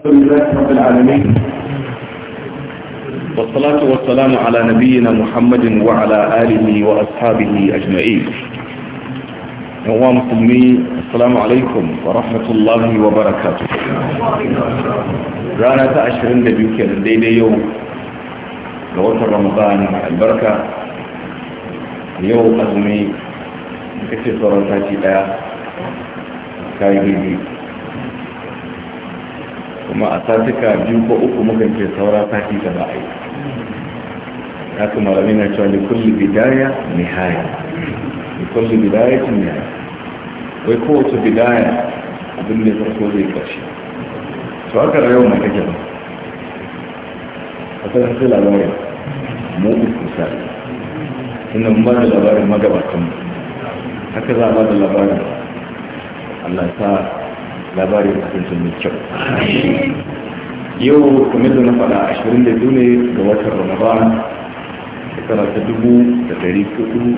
الحمد لله رب العالمين والصلاة والسلام على نبينا محمد وعلى آله وأصحابه أجمعين نوام مسلمي السلام عليكم ورحمة الله وبركاته رانا تأشرين نبيك الليلة يوم لوطن رمضان البركة اليوم أزمي كثير تاتي لا كاي kuma a satuka biyu ko uku muka ce saura sati ta ba a yi haka malamai na cewa likulli bidaya haya likulli bidaya tun yi. wai kowace bidaya abin da farko zai karshe to haka rayu mai kake ba a kan hasi labarin mu uku sai inda mun ba da labarin magabatan haka za a ba da labarin Allah ya sa labarin abinci mai kyau yau kuma da na faɗa ashirin da biyu ne ga watan ramadan shekara ta dubu da dari hudu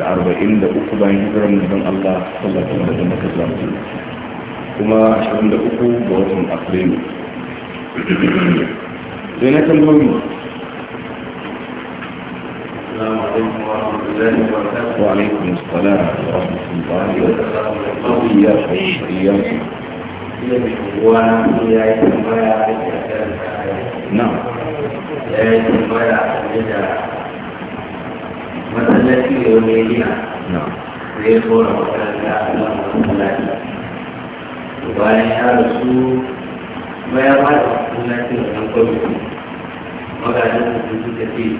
da arba'in da uku bayan hijirar manzon allah sallallahu alaihi wa sallam kuma ashirin da uku ga watan afrilu sai na tambayoyi السلام عليكم ورحمة الله وبركاته وعليكم السلام ورحمة الله وبركاته قوية وشرية ويا يا نعم يا مثلا في يومينا نعم ليقول ربك لا اله الا انت وبعدين يا رسول ما يرى ربك التي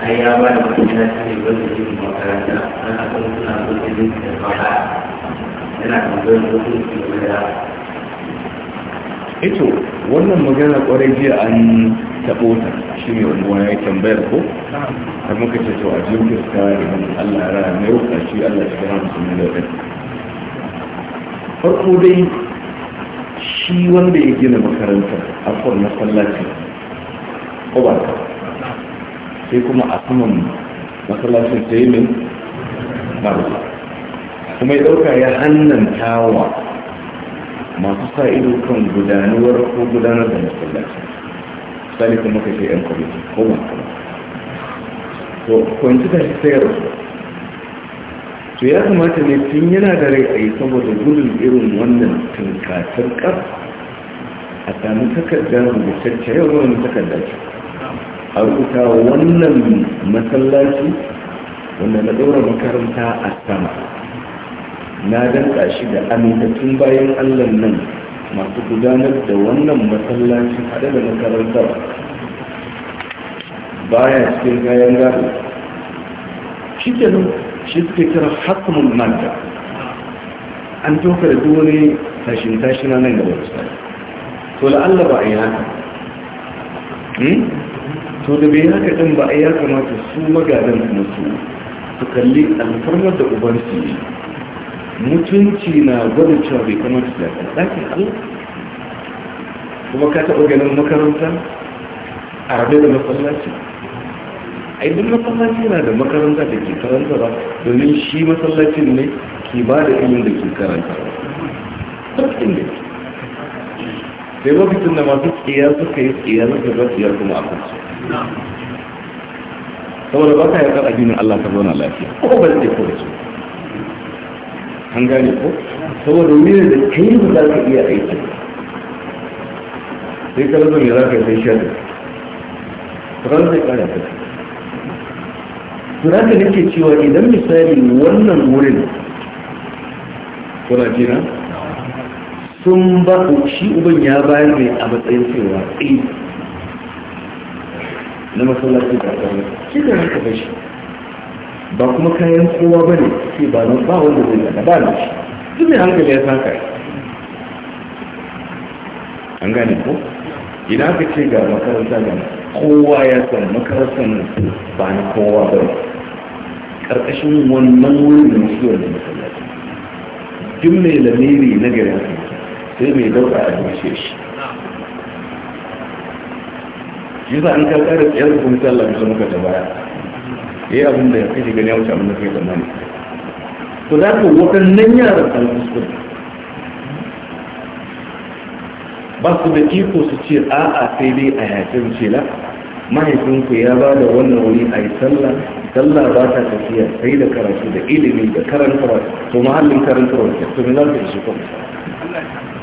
ai ya ba da mutane ta ne wanda ke makaranta an haka suna zuwa yin da fara yana tambayar wasu su game da ito eh wannan magana kwarai jiya an taɓo ta shi ne wani wani ya tambayar ko har muka ce to a jirgin ta idan allah ra mai rufa shi allah shi gana musulmi da wani farko dai shi wanda ya gina makarantar akwai masallaci ko ba sai kuma a saman masallacin sai mai kuma ya ɗauka ya hannanta wa masu sa ido kan gudanuwar ko gudanar da masallaci sani kuma ka ce 'yan kwamiti ko ba to kwanci ta shi sayar to ya kamata ne tun yana da rai a yi saboda gudun irin wannan tunkatar ƙar a sami takardar rubutacce yau zama takardar ce a rubuta wannan masallaci wanda na ɗora makaranta a sama na danka shi da amintattun bayan allah nan masu gudanar da wannan masallaci haɗe da makarantar baya cikin kayan gado shi ke nan shi suke kira hakumin manta an toka da duwane tashin tashina nan da wasu to la'alla ba a yi haka hmm? to da bai haka din ba ya kamata su magadan mutu su kalli alfarmar da ne, mutunci na gwada cewa bai kamata da ɗakin su kuma ka taɓa ganin makaranta a rabe da masallaci a idan masallaci yana da makaranta da ke karanta ba domin shi masallacin ne ke ba da ilimin da ke karanta ba sai mafi da masu tsiya suka yi tsiya na gaba tsiya kuma a kansu saboda ba ka yarda addinin Allah ka zauna lafiya ko ba zai ko da su an gane ko saboda wuyar da kai ba za ka iya aiki sai ka rasa me za ka yi sai shaɗa ran zai ƙara ka Tura ka nake cewa idan misali wannan wurin kuna jina sun ba ku shi uban ya bayar mai a matsayin cewa tsaye eh, na masallaci da aka shi da ranka bai shi ba kuma kayan kowa ba ne sai ba nan ba wanda zai daga ba ne shi duk mai hankali ya san kai an gane ko idan aka ce ga makaranta ga kowa ya san ne ba na kowa ba ne ƙarƙashin wannan wurin da musu wanda masallaci duk mai lamiri na gari sai mai dauka a dushe shi shi za an ka da tsayar da kuma sallah bisa muka ta baya ya yi abin da ya kashe gani a wuce abin da kai tsammani to za ka waɗannan yaran an kuskure ba su da iko su ce a'a sai dai a yafin cela mahaifinku ya ba da wannan wuri a yi sallah sallah ba ta tafiya sai da karatu da ilimi da karantarwa to mahallin karantarwa ke to ne za ta ishi kuma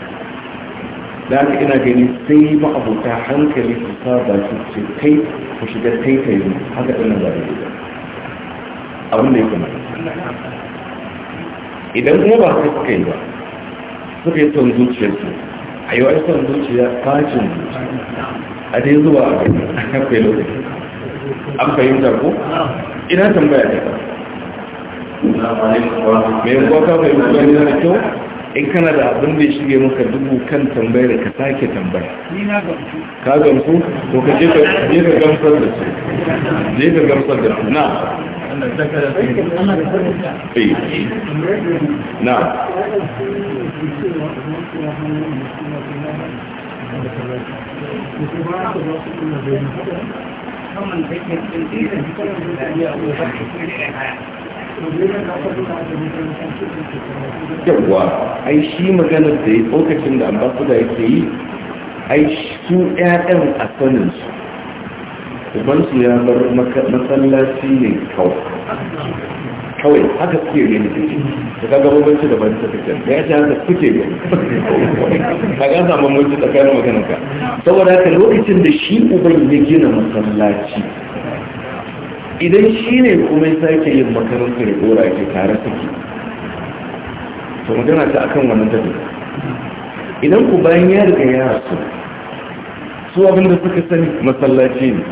da haka ina gani sai ma'abuta hankali su sa ba su ce kai ku shiga taitayi haka ina ba da abin da ya kuma idan kuma ba su kai ba suka yi son zuciyarsu a yi wa son zuciya fashin zuciya a dai zuwa a kafa yi lokaci an fahimta ko ina tambaya ne ba mai kuwa yi fahimta ne na kyau in kana da abin da ya shige maka dubu kan tambayar ka sake tambaya ka gamsu ko ka je ka gamsar da su je ka gamsar da su na na da da cikin da da haya. yawwa ai shi maganar da ya tsokacin da ambasada yake yi ai su ƴaƴan a saninsu ubansu ya bar masallaci ne kawai haka suke gani da kaga wancan da bari tafiya da ya ce haka suke gani ka ga samu mulki tsakanin maganar ka saboda haka lokacin da shi uban ya gina masallaci idan shi ne kuma ya sake yin makarantar ya dora ke tare take to magana ta akan wannan tafi idan ku bayan ya riga ya su, su abinda suka sani masallaci ne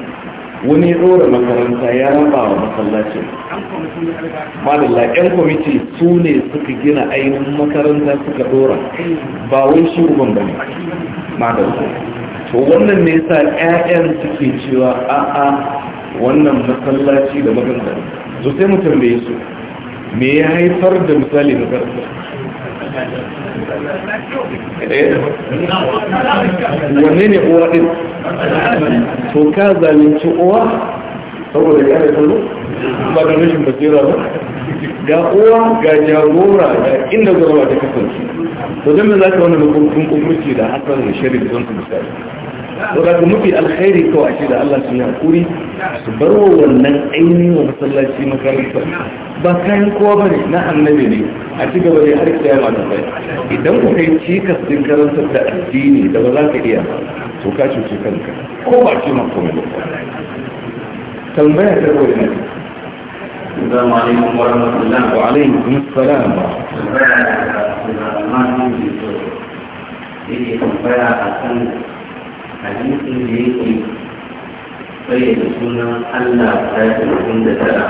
wani ya dora makaranta ya raba wa masallaci malalla yan kwamiti su ne suka gina ainihin makaranta suka dora ba wai shi uban ba ne madalla to wannan ne sa 'ya'yan suke cewa a'a wannan masallaci da makaranta so sai mu tambaye su me ya haifar da misali makaranta eh, wanne ne uwa ɗin to ka zalunci uwa saboda ya haifar ba da rashin basira ba ga uwa ga jagora ga inda zama ta kasance to don me za ka wani hukuncin hukunci da hasan da shirin don su misali to da mafi alkhairi kawai ake da Allah su yi hakuri su bar wa wannan ainihin masallaci makarantar. ba kayan kowa ba ne na annabi ne a ci gaba ne har kiyama ta bai idan ku kai cikas din karantar da addini da ba za ka iya to ka cuci kanka ko ba ce ma komai ba tambaya ta kawai ne السلام عليكم ورحمة الله وعليكم السلام ورحمة الله وبركاته. حديث ليكي فيدخلنا ألا تاتل عند ترى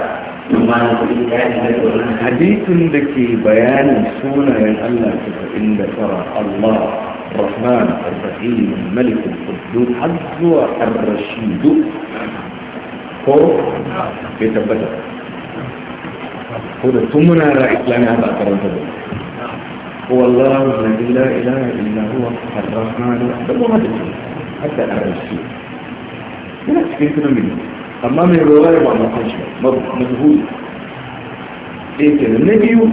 حديث لك بيان سنة من الله إن ترى الله الرحمن الرحيم الملك القدوس حظ الرشيد هو يتبدأ هو ثم نرى إسلامي هذا أكبر هو الله الذي لا إله إلا هو الرحمن الرحيم حتى الآن الشيء هنا تشكين كنا منه أما من رواية بعض القشة مجهول إيه كده نبيو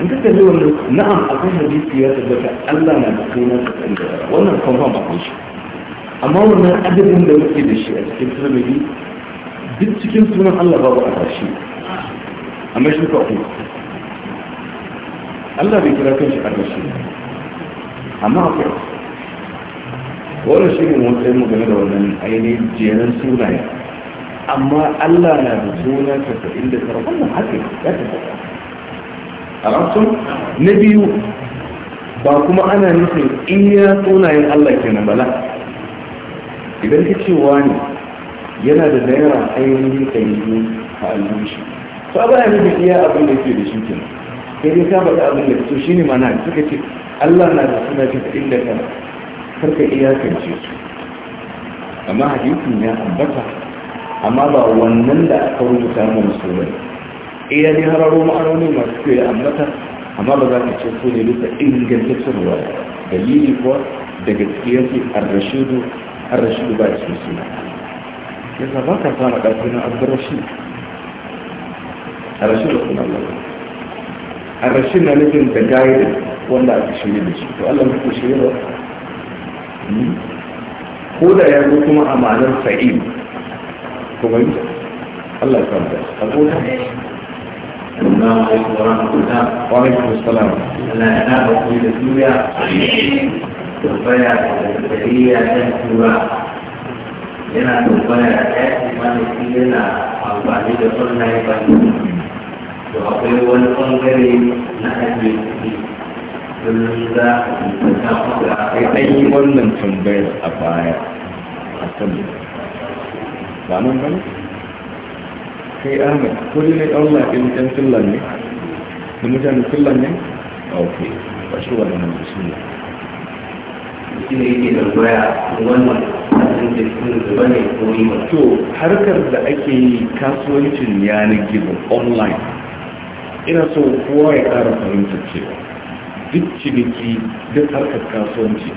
أنت تقول نعم أقول دي سياسة بك ألا نبقينا وأنا القنفام بقشة أما وانا أدب من ده مكتب الشيء تشكين كنا منه دي تشكين كنا الله غضاء هذا الشيء أما إيش بتقول الله بيكرا كنش أرشي أما أقول wannan shi ne wata yi magana da wannan ainihin jerin sunaye amma allah na da suna sa'in da tara wannan haka ya tafi a rasun na biyu ba kuma ana nufin iya sunayen allah ke na bala idan ka ce wani yana da naira ainihin ɗari a shi. to a baya nufin iya abin da ke da shi kenan sai dai ka faɗi abin da to shine mana suka ce allah na da suna sa'in da tara karka kance su amma hadisin ya ambata amma ba wannan da aka rubuta mu ba iya eh, dai hararo ma'anoni masu kyau ya ambata amma ba za ka ce su ne bisa ingantaccen ruwa dalili kuwa da gaskiyar ce arrashidu arrashidu ba cikin suna yasa ba ka sama ɗarfi na abdurrashid arrashidu kuma allah arrashidu na nufin da gaida wanda aka shirya da shi to allah mutu shirya ko da ya zo kuma a ma'anar sa'id kuma yi Allah ya samu da a kota Assalamu alaikum wa rahmatullah. Wa alaikum assalam. Allah ya da ku da duniya. Tabbaya da tsariya da tura. Yana tabbaya da yaki malaki yana amfani da sunan ba. To akwai wani bangare na ajiye sai an yi wannan tambayar a baya a kan ba nan ba ne kai ahmed ko ne na ɗan laɗin ɗan fillan ne da mutane fillan ne ok ba shi wa da nan su ne shi ne yake da baya wannan to harkar da ake yi kasuwancin yanar gizo online ina so kowa ya ƙara fahimtar cewa duk ciniki duk harkar kasuwanci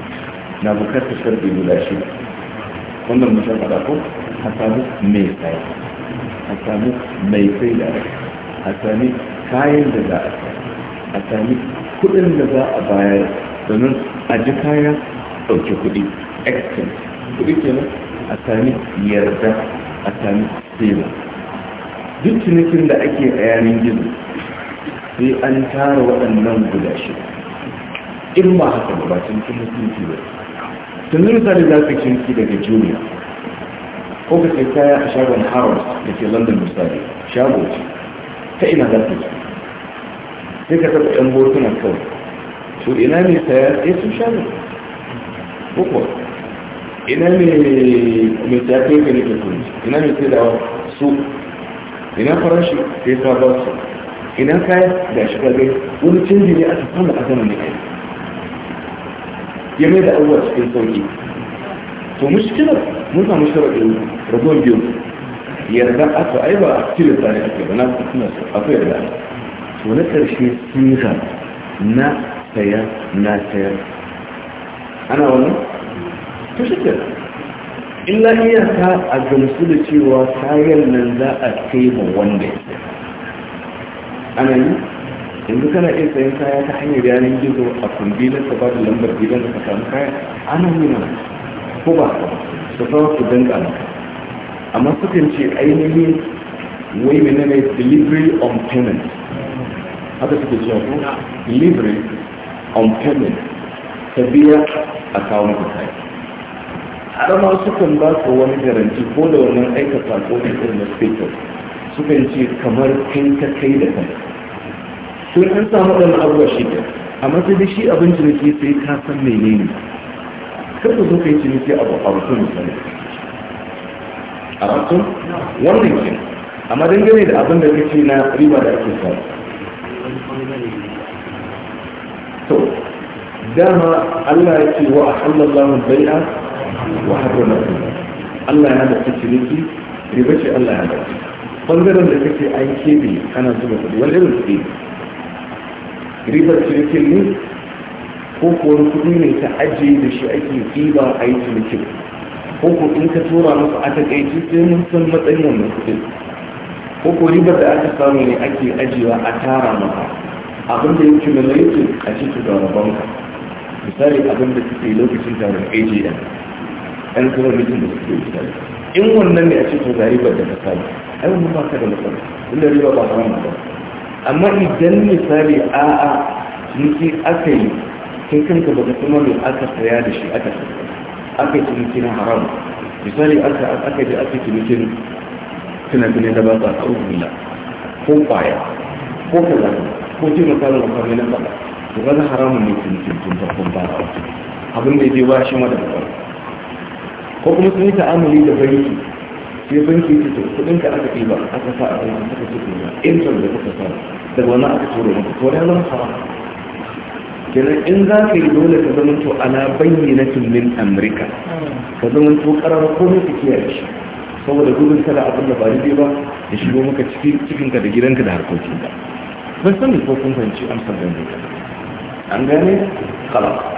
na bukatar sharbi guda shi wannan mutum faɗa ko a samu mai sai a samu mai sai da a sami kayan da za a a sami kuɗin da za a bayar domin a ji kaya ɗauki kuɗi exchange kuɗi kenan a sami yarda a sami sila duk cinikin da ake a yanin gizo sai an tara waɗannan guda shida in ba haka ba ba ciniki mutunci ba tun misali za ka ciniki daga juniya ko ka sai kaya a shagon harvard da ke london misali shago ce ta ina za ka ci sai ka taɓa yan hotuna kawai to ina ne saya ya sun shago ko kuwa ina ne mai tafiye ka ne ka tuni ina mai sai da su ina farashi sai ka ba su ina kaya da shiga gai wani canji ne aka kama a zamanin aiki ya mai da abubuwa cikin sauki to mushkilar mun samu sharaɗin ragon biyu yarda aka ai ba tilasta tsari ake ba na suna aka yarda to na ƙarshe sun yi na saya na sayar ana wani to shi illa ta a gamsu da cewa kayan nan za a kai ma wanda ana yi yanzu kana iya sayan kaya ta hanyar yanar gizo a kumbilar ka ba da lambar gidan da ka samu kaya ana yi mana ko ba ka su fara su danka maka amma sukan ce ainihin wai mene ne delivery on payment haka suke cewa ko delivery on payment ta biya a kawo maka kaya su sukan ba su wani garanti ko da wannan aikata ko da irin na status sukan ce kamar kai ta kai da kai sai an samu ɗan abubuwa shi ne amma sai shi abin ciniki sai ka san menene kar ka zo ka yi ciniki a rasu misali a rasu wannan ke amma dangane da abin da kake na riba da ake samu to dama Allah ya ce wa lamun bai'a wa harrama Allah ya da ciniki riba ce Allah ya da ɓangaren da kake an kebe ana zuba kudi wani irin kudi ribar cinikin ne ko kuwa kudi ne ta ajiye da shi ake ɗiba a yi cinikin ko ko in ka tura musu a takaici sai mun san matsayin wannan kudin ko ko ribar da aka samu ne ake ajiyewa a tara maka abin da yake na laifin a cikin banka. misali abin da suke lokacin taron agm ɗan kuma mutum da suke misali in wannan ne a cikin ribar da ka samu ai mun ba ka da matsala inda riba ba haram ba amma idan misali a'a niki aka yi kai kanka baka kuma mai aka saya da shi aka aka yi ciniki na haram misali aka aka je aka cinikin tunatunai da ba sa a rubula ko kwaya ko kaza ko ce misalin mafami na faɗa to kaza haramun ne cinikin tun farkon ba a abin da ya je ba shi ma da ko kuma sun yi ta'amali da banki sai ban ke ce kudin ka aka ɗiba aka sa a banki aka ce ɗiba intan da kuka sa daga wani aka tura Wani ko ya zama haram kenan in za ka yi dole ka zama to ala na min amurka ka zama to karara komai ka kiyaye shi saboda gudun kada abin da ba daidai ba ya shigo maka cikin ka da gidanka da harkokin ka ban sani ko kun fahimci amsar da ne an gane kala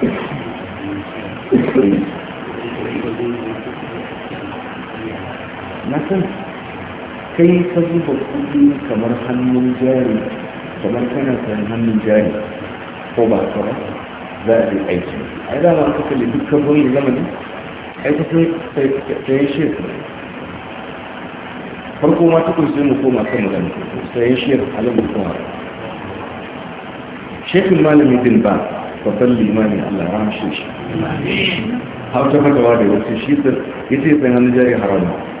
Thank hmm. you. san kai ka zuba kuɗi kamar hannun jari kamar kana san hannun jari ko ba ka ba za a yi aiki ai da ba ka kalli duk kafin ya zama ne ai ka sai sai shi farko ma tukun sai mu koma kan magana sai shi halin mu koma shekin malami bin ba babban limamin Allah ya ramshe shi hauta fatawa da wasu shi ya ce sai hannun jari haramu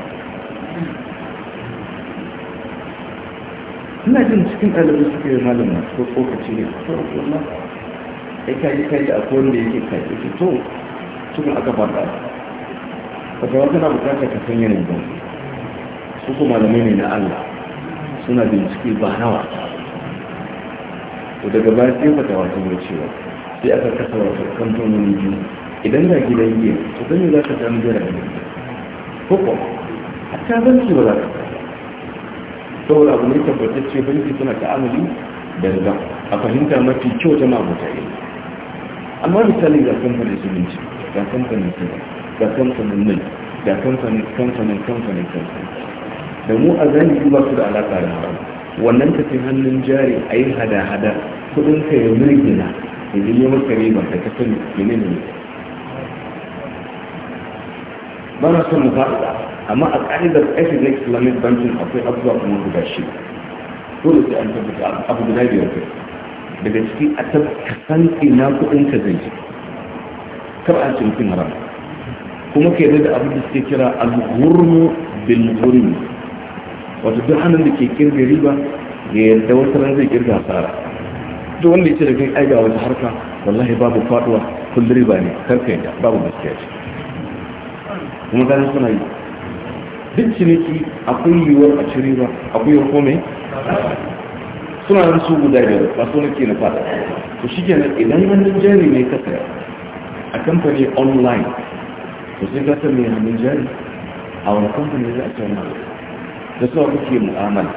suna jin cikin ɗalibai suke yi malama ko tsokaci ne a tsoron kuma ya kai kai a akwai da yake kai ke to cikin aka fada a ta wata na bukatar ka san yanayin ba su ko malamai ne na allah suna bincike ba nawa to daga baya sai fata wata mai cewa sai aka kasa wata wani biyu idan ga gidan giya to zan yi za ka samu jira ko ko hatta zan ci ba za ka samu saboda abu ne ce fahimci suna ta'amali da Riga a fahimta mafi kyau ta mabuta yi amma misali ga kamfanin zumunci ga kamfanin suna ga kamfanin nan ga kamfanin kamfanin kamfanin kamfanin da mu a zani ba su da alaƙa da haram wannan tafi hannun jari a yi hada-hada kudin ka ya mirgina ya yi maka riba da ka sani ne ne ba na son mu faɗa amma a ƙa'idar ethnic islamic banking akwai abubuwa kuma guda shi dole sai an tabbata abu guda biyar kai daga ciki a tabbatan ina kuɗin ka zai kar a cin fin haram kuma ke da abu da suke kira al-ghurmu bil ghurmi wato duk hannun da ke kirga riba ya yarda wata ran zai kirga asara duk wanda ya ce da kai ai ga wata harka wallahi babu faduwa kullum riba ne karka yadda babu gaskiya ce kuma ganin suna yi duk ciniki akwai yiwuwar a cire ba akwai yiwuwar kome suna da su guda biyar ba su nake na fata to shi kenan idan hannun jari ne ka saya a kamfani online to sai ka sami hannun jari a wani kamfani za a tsawon da suwa kuke mu'amala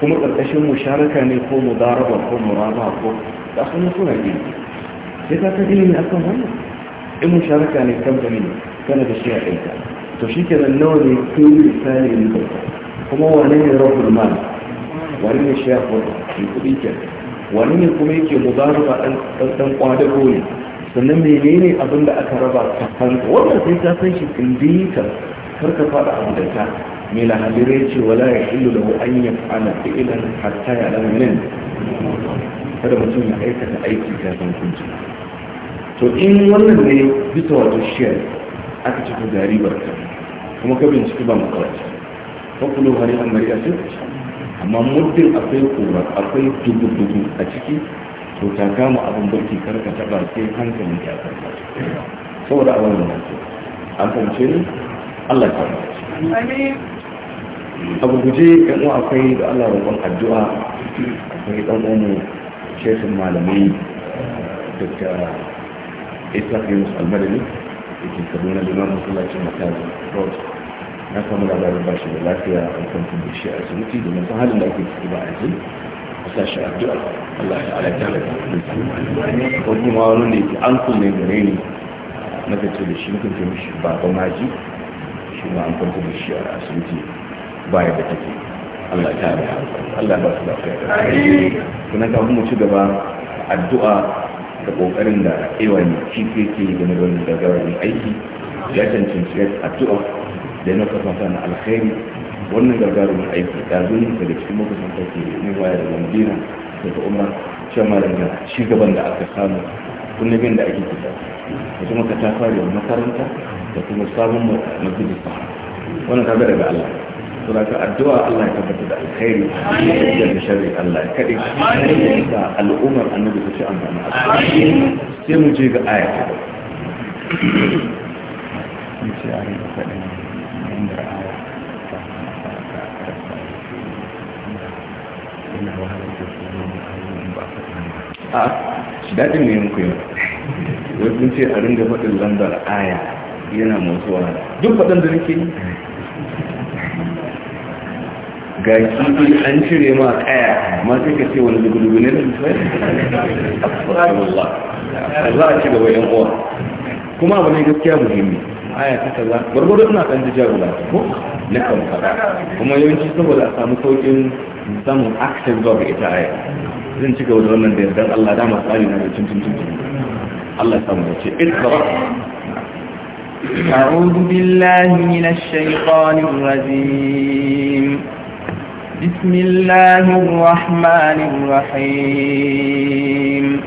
kuma ƙarƙashin sharaka ne ko daraba ko muraba ko da sun suna gini sai ka san ilimi akan wannan in sharaka ne kamfani kana da shi a ɗaya to shi ke nan nawa ne sun yi tsari ne kuma wani ne rahul mal Wani ne shafin mai kuɗi ke Wani ne kuma yake ba ɗan ƙwadago ne sannan menene abin da aka raba ta kanka wannan sai ta san shi tsindita kar ka faɗa abu da ta mai lahadirai ce wala ya illu da an ya fa'ala fi'ilan hatta ya nan? kada mutum ya aikata aiki kafin kunci to in wannan ne bisa wato shiyar aka ci gari barka kuma ka binciki ba makawaci ko kulu hari an mariya ce amma muddin akwai kura akwai dubu-dubu a ciki to ta kama abin barki karka taba sai hankalin ya karka saboda a wannan mace an fahimce ni Allah ta karka abu guje yan uwa akwai da Allah roƙon addu'a akwai dan uwan shekin malamai ta Isa Yunus Almadani da ke kaduna da zama masallacin matazi road na samu labarin bashi da lafiya a kwantin da shi a asibiti domin sun halin da ake ciki ba a yanzu a sa shi Allah ya alaƙa da ko kuma wani ne ke an kunne gare ni na kacce da shi mutum ke mishi baba maji shi ma an kwanta da shi a asibiti ba ya da take Allah ta da Allah ba su kuna sunan kafin ci gaba addu'a da kokarin da ewan shi ke da game da gawarin aiki ya cancanci addu'a da na kafata na alkhairi wannan gagarumin aiki da zuwa da cikin makasan kake ne waya da madina daga umar shamarin da shugaban da aka samu bin da ake fita da kuma ka ta fara makaranta da kuma sabon jisa wannan kaga daga Allah suna addu'a Allah ya tabbata da alkhairi da da sharri Allah ya kade da al'ummar annabi ta ci amfani sai mu je ga aya ta a daɗin ne muku yau kun ce a ringa faɗin lambar aya yana motsuwa duk faɗin da nake yi ga kifi an cire ma kaya ma sai ka ce wani dubu ne da za a ci gaba yan uwa kuma abu ne gaskiya muhimmi aya ta kaza gwargwado suna kan ji jagula ko na kan fada kuma yawanci saboda a samu saukin samun access zuwa ga ita aya zan ci gaba da wannan da yardan Allah dama tsari na da cin cin cin Allah ya samu da ce ikra أعوذ بالله من الشيطان الرجيم بسم الله الرحمن الرحيم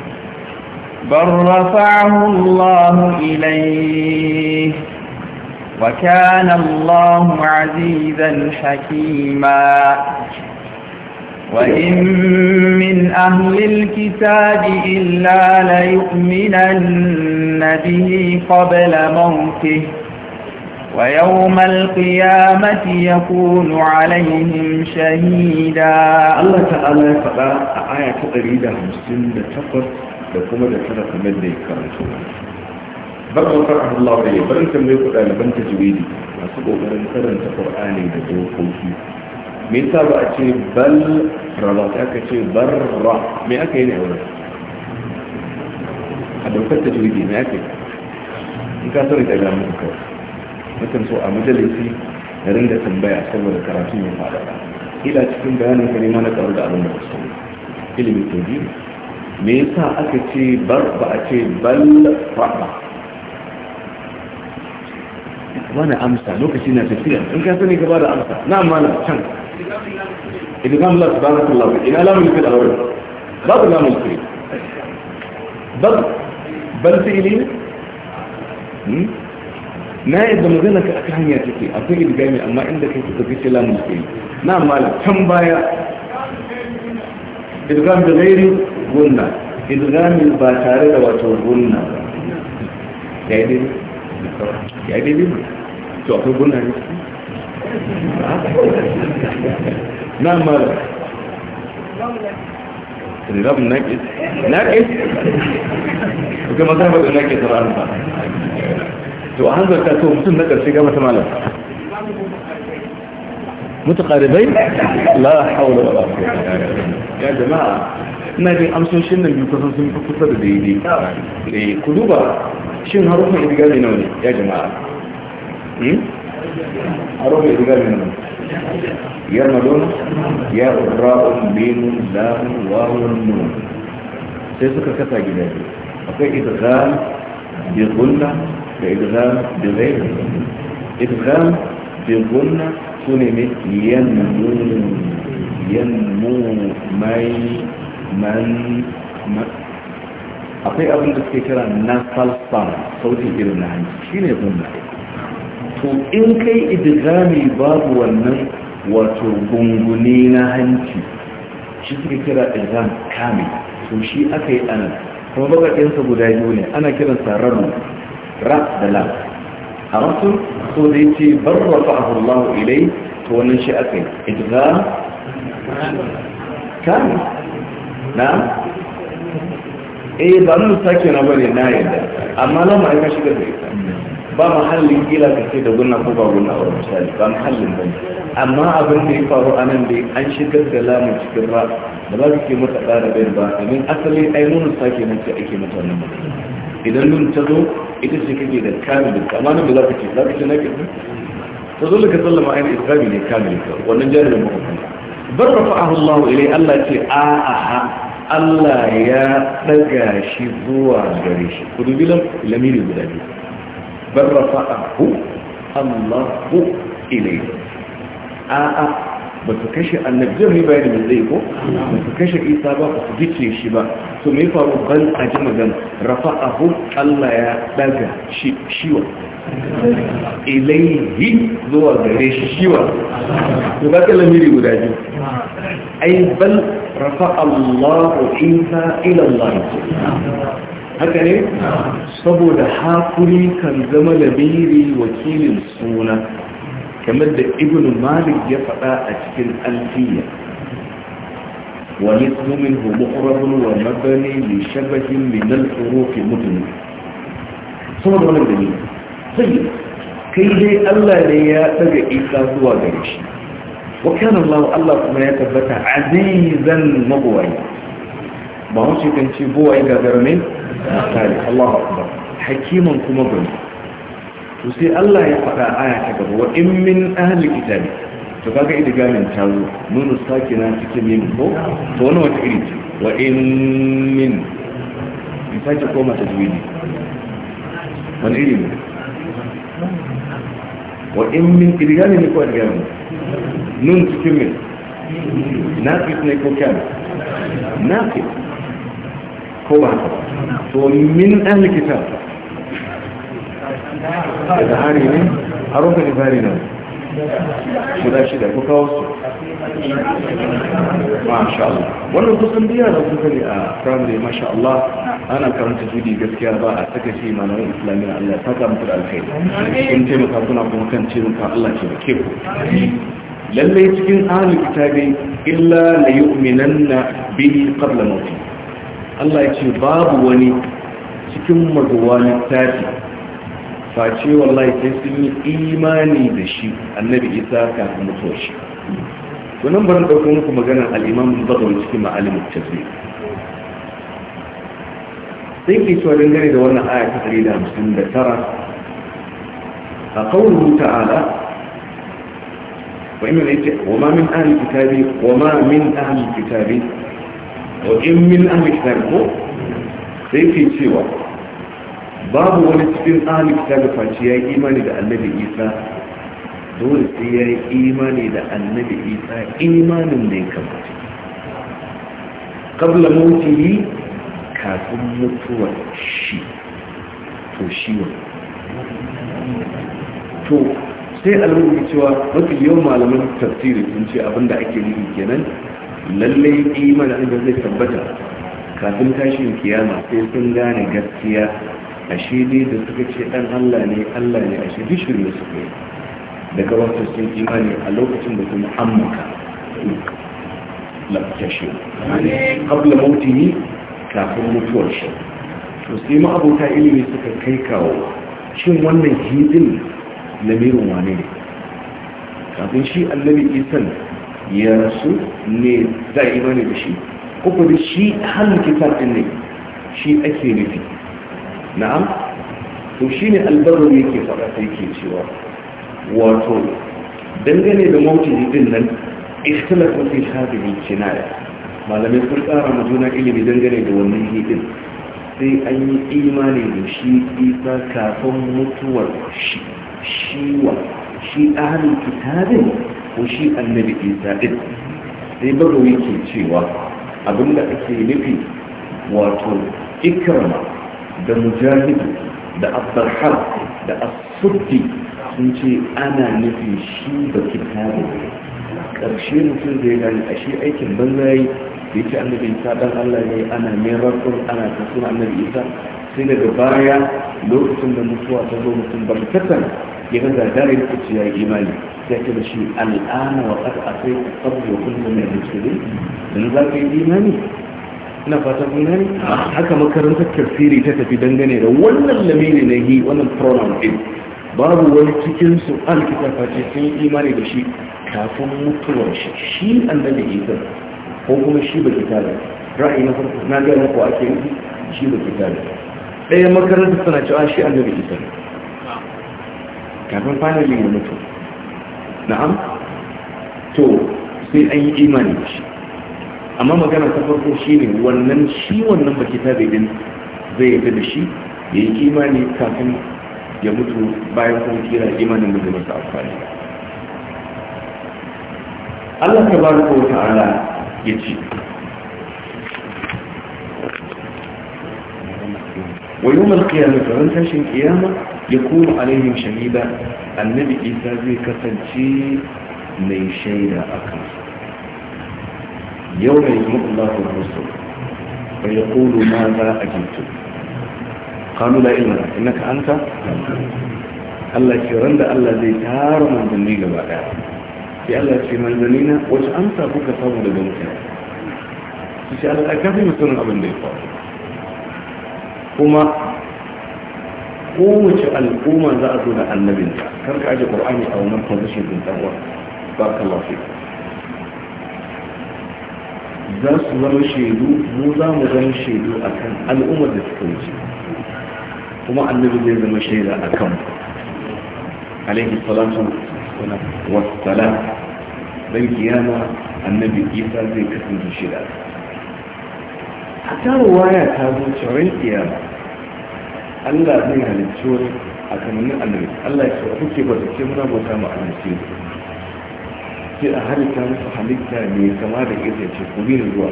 بل رفعه الله إليه وكان الله عزيزا حكيما وإن من أهل الكتاب إلا ليؤمنن به قبل موته ويوم القيامة يكون عليهم شهيدا الله تعالى فقا آية قريبة مسلم تقر لكم ترى كمان دي كرمتو بقى وفرح الله عليه بقى تمليك الآن بقى تجويدي أسبق بقى نترى القرآن لدوكم فيه me yasa ba a ce bal raba ta aka ce barra me aka yi ne a wurin a daukar ta jirgi nakan so a majalisi na ringa tambaya saboda karatun ya fada ila cikin bayanin ka nema na karu da abin da ilimi ilimin tobi me yasa aka ce bar ba a ce bal faɗa wani amsa lokaci na tafiya in ka sani gaba da amsa na mana can ba la tabarakallah ina lamun fil Ba su lamun fil bal bal fi'li na yadda magana ka aka hanya take akwai idgami amma inda kai suka fi sila mulki na mala can baya idgam da gairi gunna idgamin ba tare da wato gunna ya yi dini ya yi dini ba to akwai gunna ne na mala الرب ناقص ناقص ba a هناك ترى to an zarta to mutum na ƙarshe gama ta malam mutuƙaribai la haula wa ba ya jama'a ina jin amsoshin nan biyu kusan sun fi kusa da daidai ku duba shin harufin idigami nawa ne ya jama'a harufin idigami nawa ya madon ya ra'un benin lamun wawon nun sai suka kasa gida akwai idigami bi gulla da idgham da zai idgham da gunna su ne mai yanmu yanmu akwai abin da suke kira na falsa sautin irin na hanci shi ne gunna to in kai idigami babu wannan wato gungune na hanci shi suke kira idigam kame to shi aka yi ana kuma bakaɗinsa guda biyu ne ana kiransa rarru ra da lam a wasu so zai ce bar wa fa'ahullahu ilai to wani shi aka yi idza kan na eh ba nan sake na bane na yadda amma na ma'aika shi da ita ba mahallin gila ka ce da gunna ko ba gunna a misali ba mahallin ba amma abin da ya faru anan nan dai an shiga da lamun cikin ra da ba su ke mata ƙara bai ba amin asali ai nuna sake na ce ake mata wannan mutum idan nun ta zo ita ce kake da kamilin amma nan da za ka ce za ka ce na kirkin ta zo ka sallama ainihin islami ne kamilin ka wannan jarumin mahukunta bar rafa'ahu Allah ilai Allah ce a a Allah ya daga shi zuwa gare shi ku dubi lamiri guda biyu bar Allah ilai a a ba su kashe annabi zai bayani mai zai ko ba su kashe isa ba ba su gice shi ba to mai faru ban a ji magana rafa abu allah ya daga shi shiwa ilaihi zuwa gare shi shiwa to ba ka lamiri guda ji ai bal rafa Allahu, isa ila allah haka ne saboda hakuri kan zama lamiri wakilin suna kamar da ibn malik ya faɗa a cikin alfiya منه مقرب ومبني لشبه من الحروف مدني سوى دولة جميلة طيب كي دي الله ليا تبع إيساس وغيرش وكان الله الله كما يتبت عزيزا مبوعيا ما هو شيء كان شيء بوعي الله أكبر حكيما كما بني to sai Allah ya faɗa aya ta gaba wa in min ahli kitabi to kaga idgamin ta zo nunu na cikin min ko to wannan wata iri ce wa in min in sake koma tajwidi wani iri ne wa in min idgami ne ko idgami nun cikin min naqis ne ko kan naqis ko ba to min ahli kitab daga hari ne harufin ifari nan guda shida ku kawo su masha Allah wannan kusan biya da kuka ne a primary masha Allah ana karanta judi gaskiya ba a saka shi malamin islamiyya Allah ta karanta da alkai cikin taimaka kuna kuma kan taimaka Allah ke da ke ku lallai cikin ahlul kitabi illa la yu'minanna biyu qabla mawti Allah ya ce babu wani cikin mazuwa tafi face wallahi sai sun yi imani da shi annabi isa kafin mutuwa shi sunan barin ɗauko muku maganar al'imam bagawai cikin ma'alimin tafi sai ke cewa dangane da wannan aya ta tara. a ƙaunar ta'ala وإنما يتع "Wa ma min الكتاب وما من أهل min وإن من Ko sai ke cewa. babu wani cikin ta da faci ya yi imani da annabi isa dole sai ya yi imani da annabi isa imanin da ya kamata kabla yi kafin mutuwar shi to shi wa to sai alamun cewa mafi yawan malaman tafsiri sun ce abinda ake nufi kenan lallai imanin da zai tabbata kafin tashin kiyama sai sun gane gaskiya ashe ne da suka ce dan Allah ne Allah ne ashe duk shirye suka yi daga wata sun imani a lokacin da kuma ammuka laftashi kabla mautini kafin mutuwar shi to sai ma ilimi suka kai kawo shin wannan hidin lamirin wane ne kafin shi annabi isan ya rasu ne za a imani da shi kuma da shi halin kitab ne shi ake nufi na'am to shine albarro yake faɗa sai ke cewa wato dangane da mawucin din nan ikhtilafin fi hadhihi kinaya malamai sun tsara mu juna ilimi dangane da wannan hidin sai an yi imani da shi isa kafin mutuwar shi wa shi ahli kitabin ko shi annabi isa din sai baro yake cewa abinda ake nufi wato ikrama da mujahid da abdulhar da asuddi sun ce ana nufin shi da kitabu ƙarshe mutum zai gani a shi aikin banzayi da yake annabi isa dan allah ne ana neman ana tasiri annabi isa sai daga baya lokacin da mutuwa ta zo mutum barkatan ya ga gagarin kuci ya yi imani sai ce da shi al'ana wa ƙasa a sai ƙasar da kullum mai da yanzu za ka yi imani ina fatan kun ne haka makarantar tafsiri ta tafi dangane da wannan lamini na yi wannan pronoun din babu wani cikin su alkitafa ce sun imani da shi kafin mutuwar shi shi annabi isa ko kuma shi ba kitaba ra'ayi na farko na ga muku ake yi shi ba kitaba ɗaya makarantar suna cewa shi annabi isa kafin finally ya mutu na'am to sai an yi imani da shi amma magana ta farko shine wannan shi wannan baki ta din zai yarda da shi ya yi imani kafin ya mutu bayan kuma kira imanin da zai masa amfani Allah ta baraka wa ta'ala ya ce wani yau mal tashin kiyama ya kuma alaihim shahida annabi isa zai kasance mai shaida a kansu يوم يجمع الله الرسل فيقول ماذا أجبتم قالوا لا إلا إنك أنت Allah ce randa Allah zai tara manzanni gaba daya sai Allah ce manzanni na wace amsa kuka samu daga mutane su ce Allah ka fi mutumin abin da ya faru kowace al'umma za a zo da annabinta kar ka aje a wannan za su zama shaidu mu za mu zama shaidu a kan al'ummar da suka wuce kuma annabi zai zama shaida a kan alaihi salatu wassalam dan kiyama annabi isa zai kasance shaida hatta waya ta zo cewar kiyama Allah zai halicci wani a kamannin annabi Allah ya ce kuke ba da ke muna bauta mu annabi sai a halitta musu halitta mai kama da ƙirƙir ce ku bi zuwa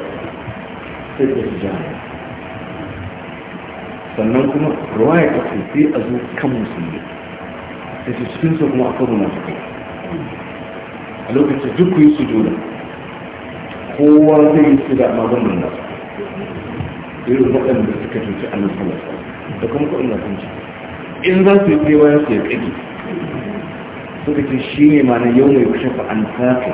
sai da su jihar sannan kuma ruwaya ta ce sai a zo kan musulmi sai su cikin su kuma akwai masu kai a lokacin duk yi su juna kowa zai yi su da amma ban nan irin waɗanda suka cuci annabi sallallahu alaihi da kuma kuɗin na kunci in za su yi kewa ya su ya ƙaƙi suka ce shi ne ma na yau mai kushe fa an sake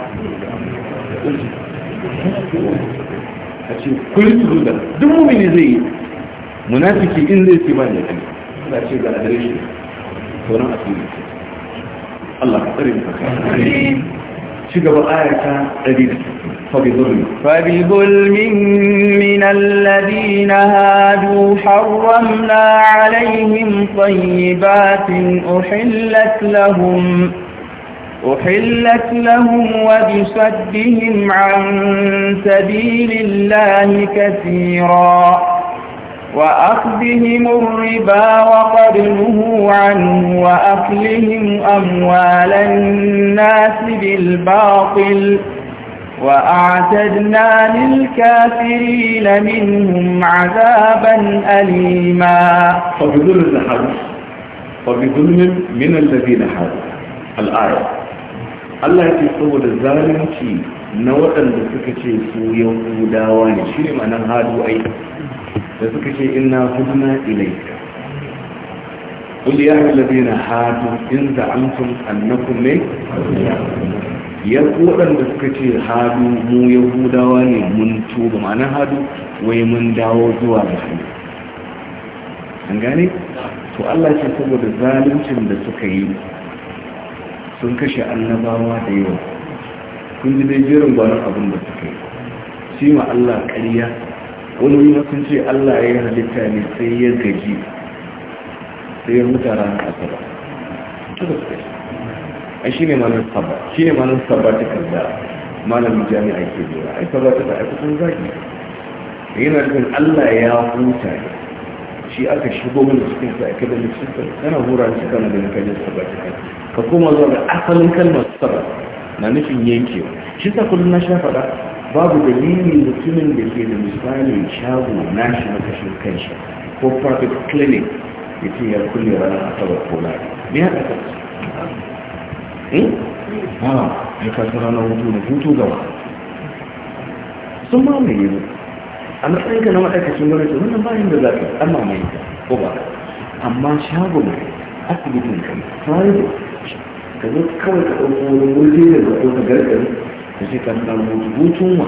a ce kullum su zuwa duk mumini zai yi munafiki in zai ce ba da kai suna ce ga adireshi sauran asiri Allah ka tsare mu ka شكرا آية فبظلم فبظلم من الذين هادوا حرمنا عليهم طيبات أحلت لهم أحلت لهم وبصدهم عن سبيل الله كثيراً وأخذهم الربا وقد نهوا عنه وأكلهم أموال الناس بالباطل وأعتدنا للكافرين منهم عذابا أليما فبظلم حد فبظلم من الذين حد الآية الله يتصور الظالم كي na waɗanda suka ce su yahudawa ne shi da suka ce ina hudna ilaika kulli ya hallabi na hatu in za'antum annakum ne ya waɗanda suka ce hadu mu yahudawa ne mun tuba ma'ana hadu wai mun dawo zuwa ga hannu an gane to allah ce saboda zaluncin da suka yi sun kashe annabawa da yawa kun ji dai jerin gwanon abin da suka yi shi ma allah ƙarya wani sun ce allah ya halitta ne sai ya gaji sai ya mutu ranar asaba a shi ne manar saba shi ne manar saba ta manar malamin jami'a ke zuwa yi saba ta ba'a kusan zaki yana cikin allah ya huta ne shi aka shigo mana cikin sa aka da cikin kana hura shi kana da nufin saba ta ka koma zuwa ga asalin kalmar saba na nufin yankewa shi sa kullum na sha faɗa babu dalili mutumin da ke da misalin shago shi na kashin kanshi ko private clinic da ke ya kulle ranar asabar ko ne ya ɗaga eh ba ah, ya kasu ranar hutu da hutu gaba sun mamaye ne a ka na ma'aikacin gwamnati wannan bayan da ka an mamaye ka ko ba amma shagon asibitin kan private ka zo kawai ka ɗauko wani wuri da ka ɗauka gargari da shi ka nuna rubutun wa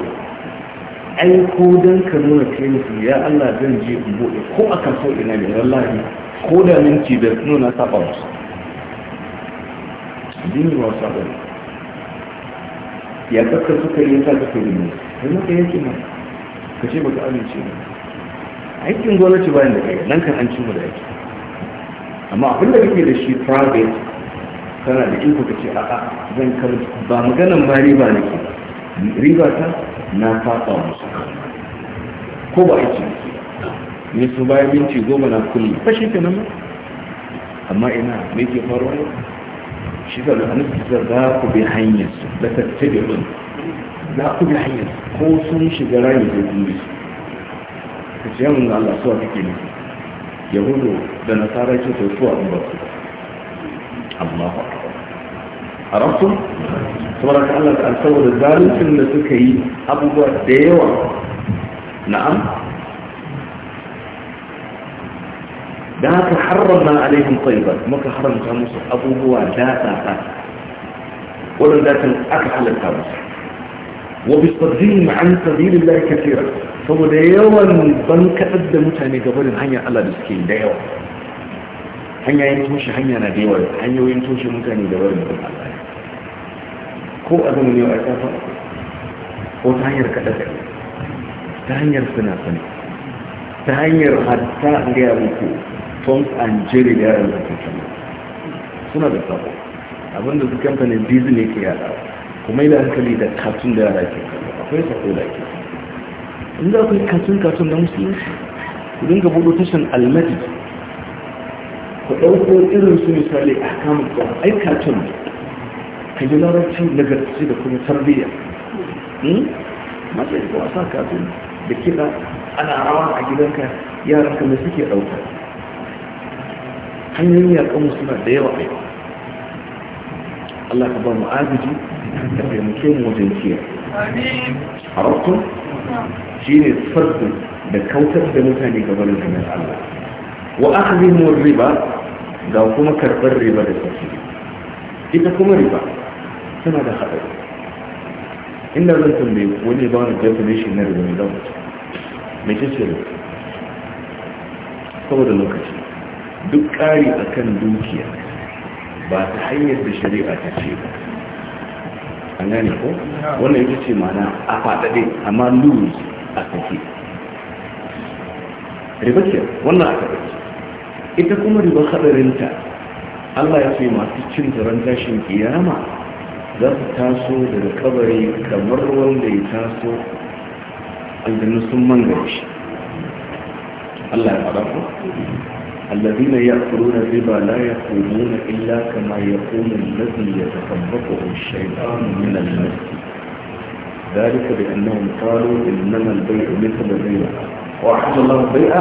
ai ko don ka nuna kai ya Allah zan je in buɗe ko a kan sau ina mai lallahi ko da minti da nuna saba wasu jini ba wasu abu ya tsakar suka yi sa yi gini sai maka yanki ma ka ce baka amince ba aikin gwamnati bayan da kai nan kan an ci mu da aiki amma abin da kake da shi private tana da iko ta ce a'a zan kar ba maganan ba riba ke riba ta na fata musu ko ba aiki ne su baya minti goma na kulle fashe ke nan amma ina me ke faruwa yau shi da alhamdu da za ku bi hanyar su da tattabi mun za ku bi hanyar ko sun shiga rayu da kuma su ka ce yamin Allah suwa kake nufi yahudu da nasara ce to suwa ba su الله عرفتم ثم تعلق أن تقول ذلك لتكي أبو ديوة نعم لا تحرمنا عليهم طيبا ما حرم كاموس أبو هو لا تاتا ولا ذات أكحل الكاموس وبالتقديم عن تقديم الله كثيرا فهو ديوة من بنك أدى متعني قبل هيا على المسكين ديوة hanyoyin toshe hanya na da yawa hanyoyin toshe mutane da wani mutum Allah ko a zama ne a ƙasa ko ta hanyar kaɗa kaɗa ta hanyar suna sani ta hanyar hatta da ya muku tom and jerry da yaran da kuma suna da sabo abinda su kamfanin disney ke yada kuma yi da hankali da katun da yara ke kallo akwai sako da ke in za ku yi katun katun na musulunci ku dinga buɗe tashin almadi ku ɗauko irin su misali a kamun da aikacin ka yi larabci nagarci da kuma tarbiyya hmm? masu yi wasa kafin da kiɗa ana rawa a gidanka yaran ka suke ɗauka hanyoyin yaƙon musu da yawa yawa Allah ka ba mu agaji da taimake mu wajen kiyar a rukun, shi ne farko da kautar da mutane gabanin kamar Allah wa akhzimu riba ga kuma karɓar riba da sauki ita kuma riba tana da haɗari inda zan tambaye wani ba wani definition na riba mai zama mai ce ce riba saboda lokaci duk ƙari a kan dukiya ba ta hanyar da shari'a ta ce ba an gane ko wannan ita ce mana a faɗaɗe amma lose a sake ribakiyar wannan a taɓa ita kuma riba hadarinta Allah ya fi masu cin zaren tashin kiyama za su taso daga kabari kamar da ya taso aljannu sun mangare shi Allah ya faɗa ku الذين يأكلون الربا لا يقومون إلا كما يقوم الذي يتطبقه الشيطان من المس ذلك بأنهم قالوا إنما البيع مثل الربا وأحد الله البيع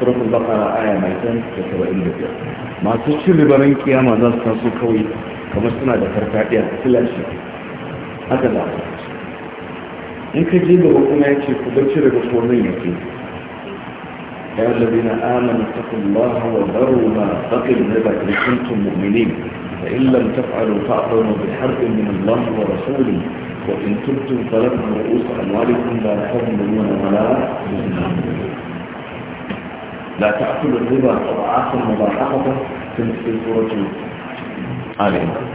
سورة البقرة آية ميتان كتب إلا ما سوشي لبنان كياما دان سنسو كوي كما سنة دكار كاتيا سلاشي هذا لا إنك جيد وقوم يكشي فدرشي رغفورني يكي يا الذين آمنوا اتقوا الله وذروا ما بقي الربا إن كنتم مؤمنين فإن لم تفعلوا فأقوموا بحرب من الله ورسوله وإن كنتم فلكم رؤوس أموالكم لا تحرموا دون ولا دون لا تأكل الربا أضعافا مضاعفة في سورة آل عمران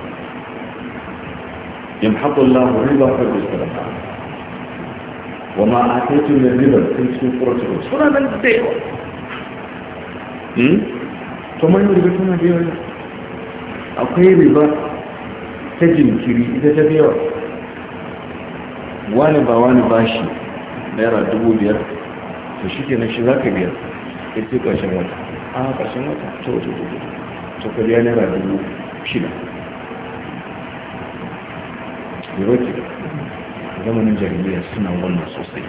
يمحق الله الربا في الصدقات وما آتيتم من الربا في سورة الروم سورة من الدعوة ثم يربطون أو كي ربا تجن كري إذا تبيوة wani ba wani bashi naira dubu biyar to shi ke na shi za ka biyar ya ƙarshen wata a ƙarshen wata ta wata wata ta ka biya naira dubu shida ya wace zamanin jami'a suna wannan sosai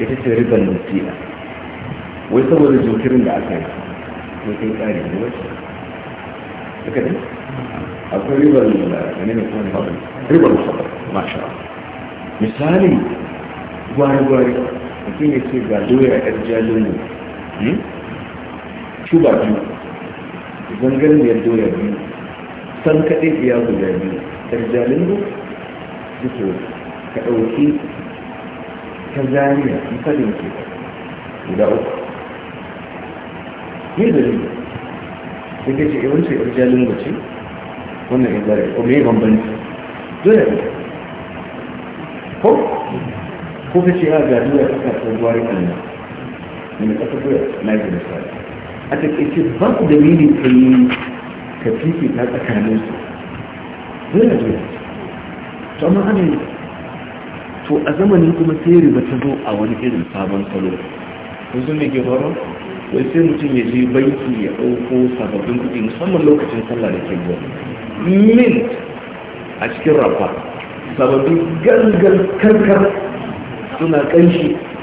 ita ce ribar nasiya wai saboda jokirin da aka yi ta kai tsari da wata ta ne akwai ribar ne ne kuma ne ribar musabar masha misali gwari-gwari mutum ya ce ga doya yar jalin ne Hmm? shuba biyu zangarin ya doya biyu san kaɗe iya guda biyu darjalin bu duka ka ɗauki ta zaniya misalin ke guda uku ne da ne da ke ce yawanci eh, irjalin bu ce wannan ya irjalin ko mai bambanci doya ne ko ko ka ce ah, a ga doya ta kasar gwari kan nan mai ƙasa doya na yi misali a takaice ba ku da mini yi ka fifita tsakanin su doya doya to amma ana yi to a zamanin kuma sai riba ta zo a wani irin sabon salo kun sun ne ke wai sai mutum ya je banki ya ɗauko sababbin kuɗi musamman lokacin sallah da ke zuwa mint a cikin rafa sababbin gangan karkar suna ƙanshi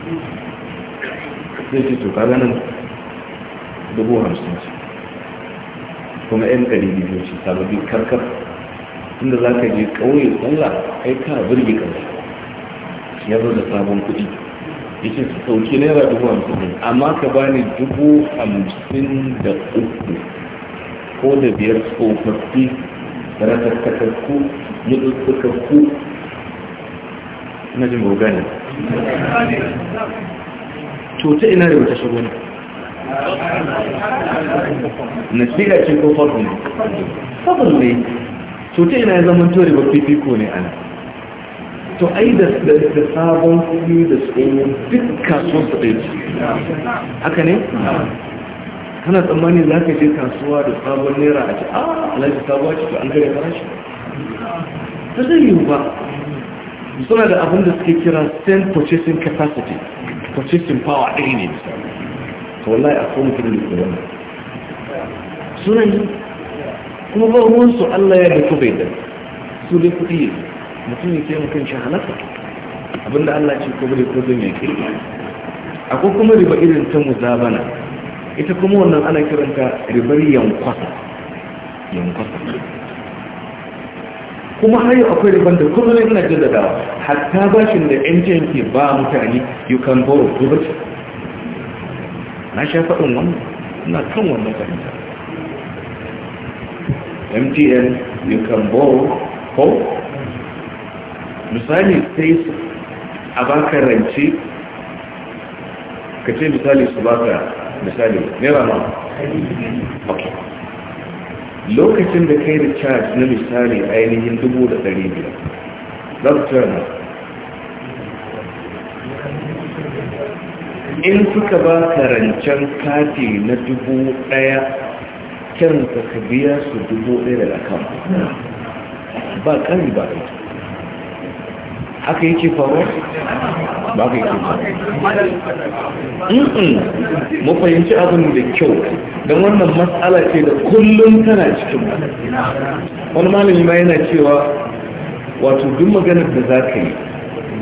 sai ce tuka ganin dubu hamsin ce kuma yan ɗari biyu ce sababin karkar inda za ka je ƙauye tsalla kai ka birge kanka ya zo da sabon kuɗi ya ce su sauki naira dubu hamsin ne amma ka bani dubu hamsin da uku ko da biyar tsofaffi ratattakakku mutsuttukakku na jin bugani cuta ina da wata shigo ne nasiga ce ko fadl ne fadl ne cuta ina ya zama tori ba fifiko ne ana to ai da sabon kuɗi da tsohon duk kasuwar su ɗaya haka ne? kana tsammani za ka je kasuwa da sabon naira a ce a ah, alaji sabuwa ce to an gare farashi ta zai yiwu ba suna da abin da suke kira same purchasing capacity purchasing power ɗaya ne to wallahi a kuma kiri da wannan sunan kuma ba ruwan su Allah ya da bai da su dai kuɗi mutum ya ke mutum shi halaka abinda Allah ce ko bai ko zan ya kirki akwai kuma riba irin ta muzabana ita kuma wannan ana kiranta ribar yankwasa yankwasa kuma har yi akwai riban da kuma kullum ina jaddadawa hatta bashin da MTN ke ba mutane you can borrow riba na sha faɗin wannan ina kan wannan fahimta MTN you can borrow ko misali sai a baka rance ka ce misali su baka misali nera ma ok lokacin da kai charge na misali ainihin dubu da ɗari biyar za su cire in suka ba ka rancen kati na dubu ɗaya kyanka ka biya su dubu ɗaya da kan ba ƙari ba ɗaya Aka yake faruwa ba ka yake faruwa mu fahimci abin da kyau don wannan matsala ce da kullum tana cikin wani malami ma yana cewa wato duk maganar da za ka yi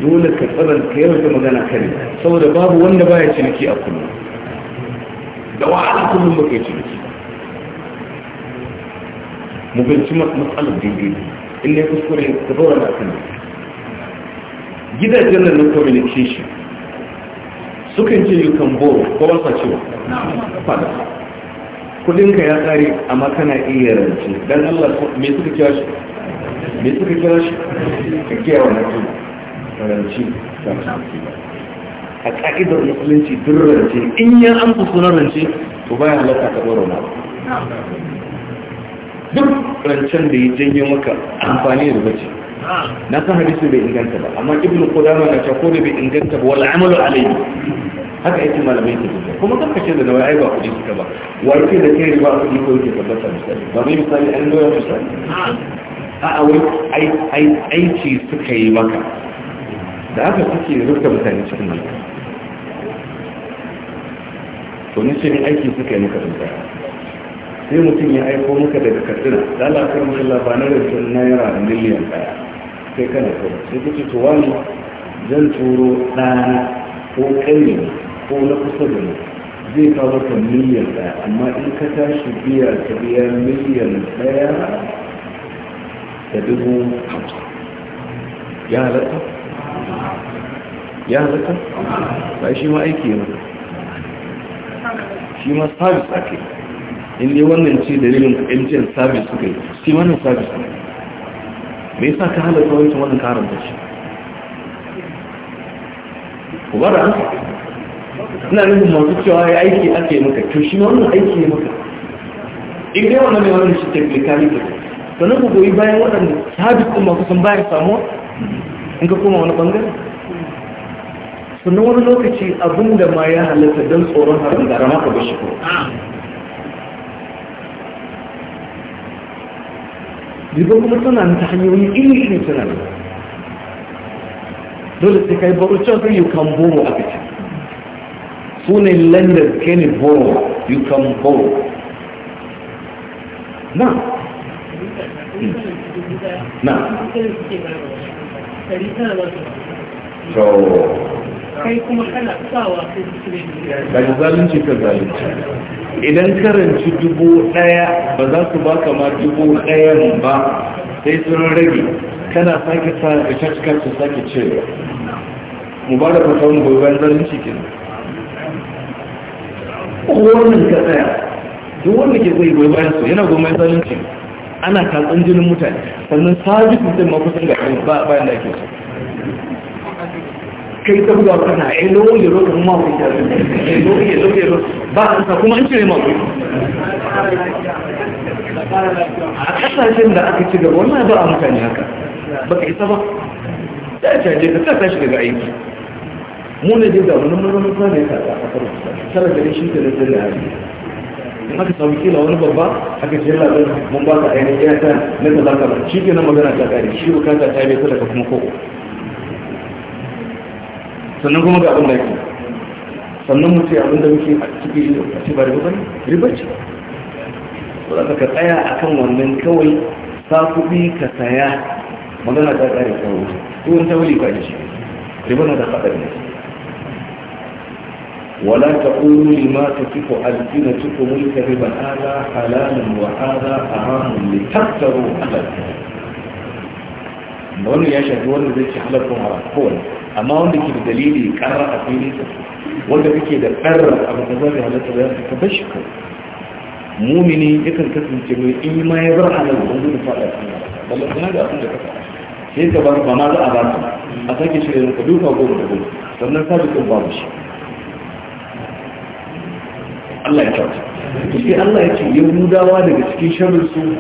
dole ka tsarar ka yi wata magana kare saboda babu wanda baya ciniki a kullum da wa'ala kullum ba ka yi ciniki mu binci matsalar daidai in ya kuskure ka zaura na gidajen nan na communication sukan ce you can borrow ko ba sa cewa fada ka ya tsari amma kana iya rance dan Allah me suka kira shi me suka kira shi ka kira wannan kuma rance a ka'idar musulunci duk rance in ya amsa sunan rance to baya halatta ka ɗora na duk rancen da ya janye maka amfani da bacci na san hadisi bai inganta ba amma ibnu qudama na ce ko da bai inganta ba wala amalu alayhi haka yake malamai ke tafiya kuma kan kace da ai ba kudi suka ba wai ke da kai ba kudi ko yake tabbata misali ba mai misali an doya misali a a wai ai ai aiki suka yi maka da haka suke rubuta mutane cikin nan to ni ce ni aiki suka yi maka mutane sai mutum ya aiko maka daga katsina da alaƙar mashi na da naira miliyan daya Sai kana kai sai kace to wani zan turo ɗana ko ƙanye ko na kusa da mu zai kawo ka miliyan ɗaya amma in ka tashi biya ta biya miliyan ɗaya da dubu ya halatta ya halatta ba shi ma aiki ne shi ma sabis ake inda wannan ce dalilin mtn sabis suka yi shi wannan sabis ne me yasa ka halatta wancan wannan karin da shi ku ba da ina nufin masu cewa ya aiki ake maka to shi wannan aiki ne maka in dai wannan mai wannan shi technicality sannan ku goyi bayan waɗanda sabis ɗin ma san bayan samuwa in ka koma wani ɓangare sannan wani lokaci abinda ma ya halatta don tsoron harin da rama ka bashi ko riba kuma suna ta hanyoyi iri iri suna nan dole sai kai baro can you can borrow a kaci su lender can borrow you can borrow na so kai kuma kana sawa sai su ne da zalunci kan zalunci idan karanci dubu ɗaya ba za su ba kama dubu ɗayan ba sai sun rage kana sake sa da cikin su sake cewa mu ba da fatawan goben zarin cikin wannan ka tsaya duk wanda ke tsaye goyi bayan su yana goyi zarin cikin ana kasan jinin mutane sannan sabi su sai mafusan ga bayan da ake so kai ta buga kana kuma yi ba kuma in cire a kasashen da aka ci gaba wannan ba a mutane haka ba ka isa ba ya caje ka ta tashi daga ka a kafar da shi da in aka samu kila wani babba aka ce yalla mun ba ka ainihin ya ta na talaka shi ke nan magana ta kare shi bukata ta bai kuma ko sannan kuma ga abin da yake sannan mutu abin da muke a cikin a ce ba riba bane riba ce ko da ka tsaya akan wannan kawai sa kuɗi ka saya magana ta ƙare ta wuce ko wani tawali ba ake riba na da faɗa ne ولا تقولوا لما تصف ألسنتكم الكذب هذا حلال وهذا حرام لتفتروا على wani ya shafi wani zai ci حلال وحرام؟ هو amma wanda ke da dalili karra a fili wanda kake da karra a baka zafi halatta da ka bar shi kan mumini kan kasance mai in ma ya bar halal da wani fada kan Allah kana da abin da kasa sai ka bar ba ma za a ba a sake shi da ka duka goma da goma sannan sabi kan babu shi Allah ya kyauta sai Allah ya ce yahudawa daga cikin sharri su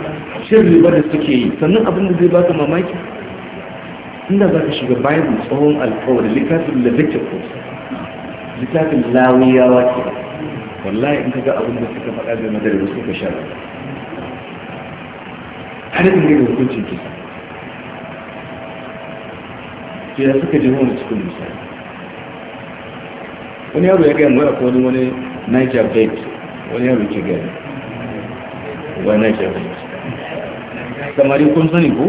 sharri ba da suke yi sannan abin da zai ka mamaki inda za ka shiga bible tsohon alkawar littafin leviticus littafin lawiyawa ke wallahi in ka ga abin da suka faɗa game da ribu suka sha har in ga hukuncin kisa ke da suka jima wani cikin misali wani yaro ya gaya mura ko wani wani niger bank wani yaro ke gaya wani niger bank samari kun sani ko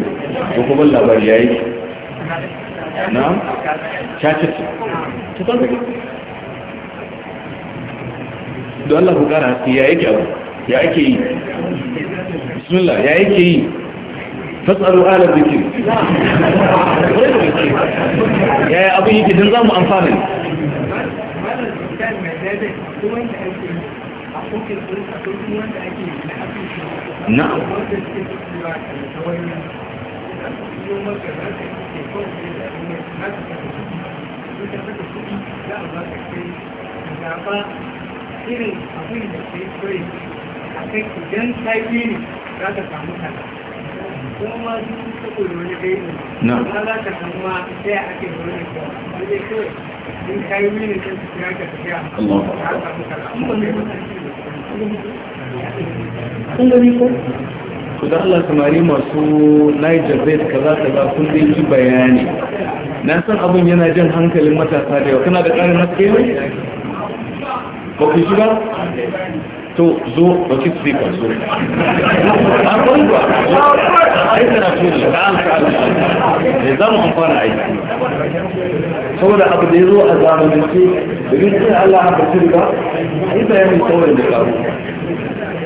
ko kuma labari yayi na'am shakirci ta san kake don Allah ku kara ya yake abu ya ake yi bismillah ya yake yi fasaru ala zikir ya yi abin yake don za mu amfana ne na'am zaɓa irin abin da ke kure a kai idan ta yi ne za ka samu kaza kuma ma su saboda wani bai ne amma za ka samu ma sai ake da wani kawo sai allah kawai in ka yi mini sai su kira ka tafiya za ka samu kaza amma mai mutane ne kun gani ko ku da Allah samari masu Niger Zed kaza kaza sun zai yi bayani na san abin yana jan hankalin matasa da yau kana da ƙarin haske ne ba ku shiga to zo ba ki su ba so a ba ai kana so ne ka an ka ne za mu amfana aiki saboda abu da ya zo a zamanance da yin sai Allah ba shirga a yi bayanin saurin da karu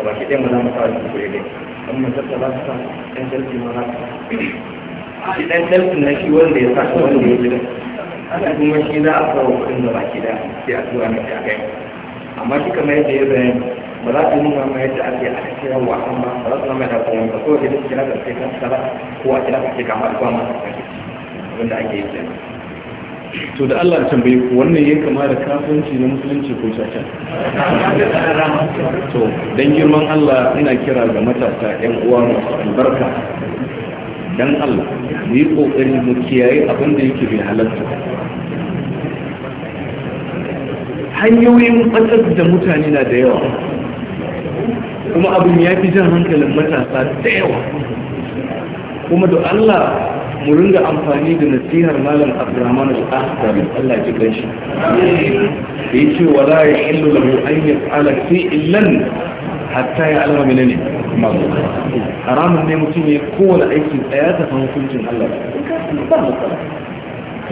ka ba shi ɗaya maza mu kawai kuskure ne an mace ta ba su sa ɗan selfie ma za ta shi ɗan selfie na shi wanda ya sa wanda ya jira ana kuma shi za a kawo kuɗin da baki da sai a tura mai a kai amma shi kamar yadda ya bayani ba za su nuna mai yadda ake a cikin yawa an ba ba za su nuna da kuma ba kawai da na ƙarfe kan sara ko a kira ka ce kama ba ma abin da ake yi kenan to da Allah tambayi ku wannan ya kama da kafinci na musulunci ko caca to dan girman Allah ina kira ga matasa yan uwa masu albarka dan Allah mu yi kokari mu kiyaye abin da yake bai halatta hanyoyin matsar da mutane na da yawa kuma abin ya fi jan hankalin matasa da yawa kuma da Allah mu ringa amfani da nasihar malam abdurrahman al-ahsar Allah ya kike shi yi ce wala ya illu lahu an yaf'ala fi illan hatta ya alama menene mazu haramun ne mutum ya kowane aiki tsaya ta san hukuncin Allah Hukuncin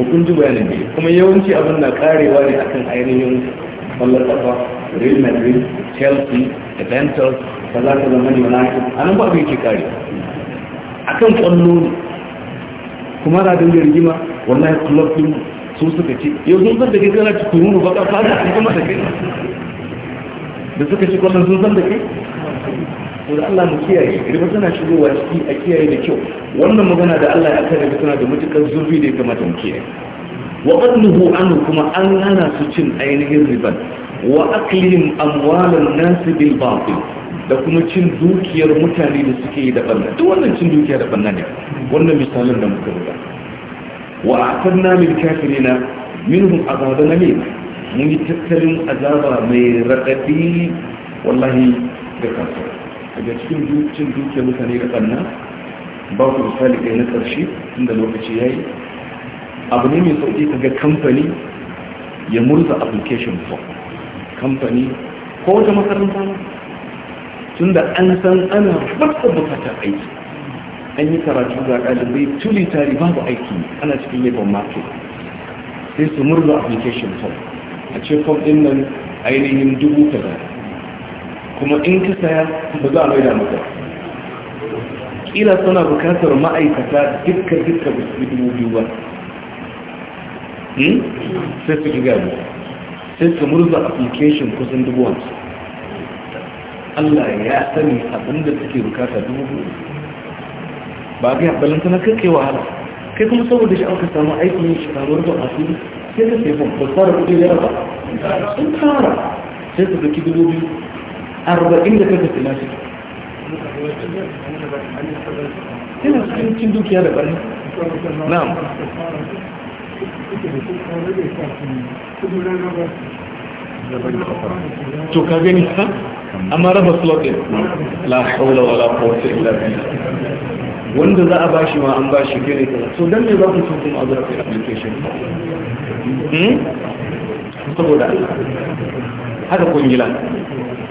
hukunci bayanin ne kuma yawanci abin na karewa ne akan ainihin kwallon kafa real madrid chelsea juventus kaza kaza mani wani nan ba abin ke kare akan kwallo ne kuma na dinga rigima wallahi kullum din su suka ce yau sun san da kai kana cikin mu baka fara a kuma da kai da suka ce kullum sun san da kai to da Allah mu kiyaye riba tana shigowa ciki a kiyaye da kyau wannan magana da Allah ya kare suna da mutukar zurfi da ya kamata mu kiyaye wa qadnuhu anhu kuma an hana su cin ainihin riban wa aklihim amwalan nas bil batil da kuma cin dukiyar mutane da suke yi da banna duk wannan cin dukiya da banna ne wannan misalin da muka buga wa afanna min kafirina minhum azaban alim mun yi tattalin azaba mai raɗaɗi wallahi da kansa daga cikin cin dukiyar mutane da banna ba ku misali kai na ƙarshe tunda lokaci ya yi abu ne mai sauƙi ka ga kamfani ya murza application form kamfani ko wata makaranta tunda an san ana fata bukatar aiki an yi karatu ga ɗalibai tuli tari babu aiki ana cikin labor market sai su murna application form a ce form ɗin nan ainihin dubu kaza kuma in ka saya ba za a maida maka kila suna bukatar ma'aikata dukka dukka ba su dubu biyu ba hmm? sai su giga sai su murza application kusan dubu wansu Allah ya sani abinda suke bukata dubu hudu ba ga balanta na kake wahala kai kuma saboda shi aka samu aikin shi karuwar ba a su sai ka sai ba tsara kudi da ba sun tsara sai ka zaki dubu biyu arba'in da kaka tana shi yana cikin cin dukiya da barna na'am to ka gani ha amma raba slot din la haula wala quwwata illa billah wanda za a bashi ma an bashi gane ka so dan me za ku tun kuma azura kai application hmm saboda haka gila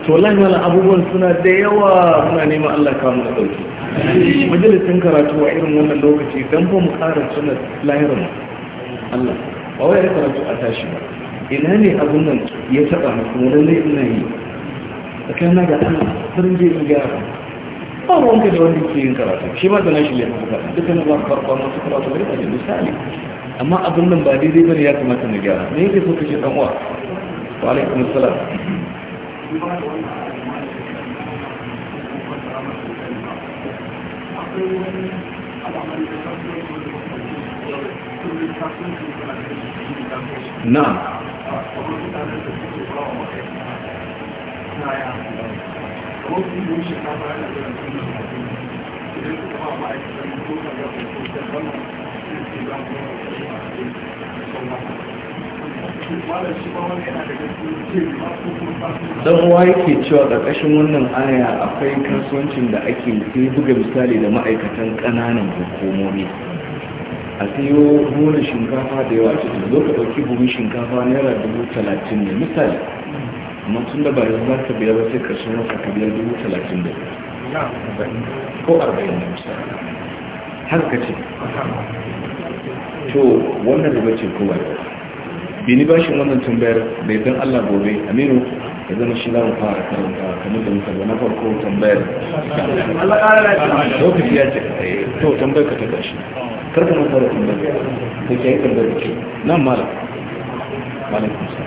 to wallahi malam abubuwan suna da yawa muna neman Allah ka mu da dauki majalisin karatu a irin wannan lokaci dan ba mu ƙara sunan lahirin Allah ba wai karatu a tashi ba ina ne abin nan ya taɓa kuma ne zai ina yi a kan na ga ana farin je in gyara ba wanka da wanda ke yin karatu shi ma zana shi ya fi karatu duka na zan farko masu karatu da rikaji misali amma abin nan ba daidai bane ya kamata na gyara me yake so kashe dan uwa wa alaikum salam. Na'am. don yake cewa ƙarƙashin wannan aya akwai kasuwancin da ake sai buga misali da ma'aikatan ƙananan hukumomi a siyo shinkafa da yawa cikin zo ka ɗauki buhun shinkafa naira dubu talatin ne misali amma tun da bayan za ka biya ba sai karshen wata ka biya dubu talatin da ko arba'in da har ka ce to wannan da bace kowa bini bashin wannan tambayar da idan allah gobe aminu ya zama shi za mu fara karanta kamar da mutane na farko tambayar lokaci ya ce eh, to tambayar ka ta gashi karfin mun fara tambayar da ke yi tambayar ke nan mara malakun